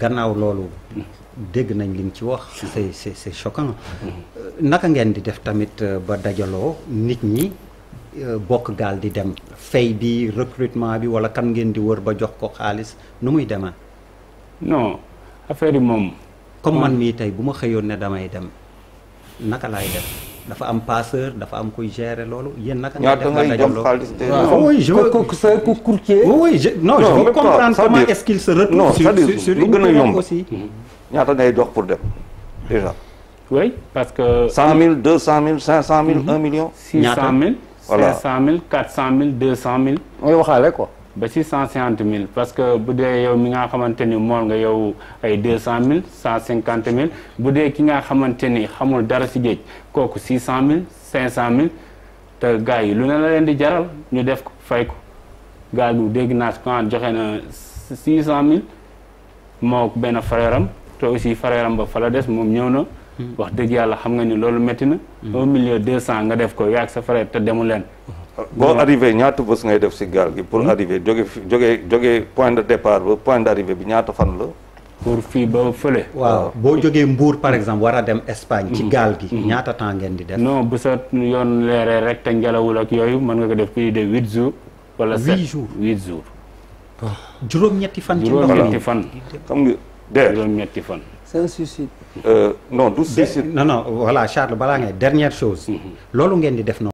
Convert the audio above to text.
gannaaw loolu dégg nañ liñ ci wax c'est c'est c'est euh, naka ngeen di def tamit euh, ba dajaloo nit ñi euh, bokk gaal di dem fay bi recrutement bi wala kan ngeen di wër ba jox ko xaalis nu muy demee no affaire yi moom comme man mii tey bu ma xëyoon ne damay dem naka laay def dafa am passeur dafa am koy gérer loolu yéen naka. ñaata ngay jëm xaalis de. oui je veux que sa ku courtier. oui je non je veux comprendre comment est-ce qu'il se retrouve. non c'est-à-dire sur une période aussi. Mhm. ñaata ngay dox pour dem déjà. oui parce que. 100000 200000 500000 1 million. 600000 500000 voilà 500000 400000 200000. mooy waxaale quoi. ba ci cent cinquante mille parce que bu dee yow mi nga xamante ni mool nga yow ay deux cent mille cent cinquante mille bu dee ki nga xamante ni xamul dara si géej kooku six cent mille cinq cent mille te gars yi lu ne la leen di jaral ñu def ko fay ko gars bu dégg naa quand joxe na six cent mille moo benn frère am te aussi frère am ba fa la des moom ñëw na. Hmm. wax dëgg yàlla xam nga ni loolu métti na. Hmm. un million deux cent nga def ko yaa ak sa frère te demu leen. Hmm. boo arrivé ñaata bés ngay def si gaal gi pour arrivé jóge fi jóge jóge point de départ ba point d' arrivé bi ñaata fan la pour fii ba fële waaw boo jógee Mbour par exemple war a dem Espagne ci mm-hmm. gaal gi mm-hmm. ñaata temps ngeen di def non bu sa yoon leeree rek te ngelawul ak yooyu mën nga ko def plus de huit jours wala sept jours huit jours oh. juróom-ñetti fan fan xam nga ñetti fan c'est un suicide euh, du suicide non non voilà Charles balaa ngay dernière chose mm-hmm. loolu ngeen di def noonu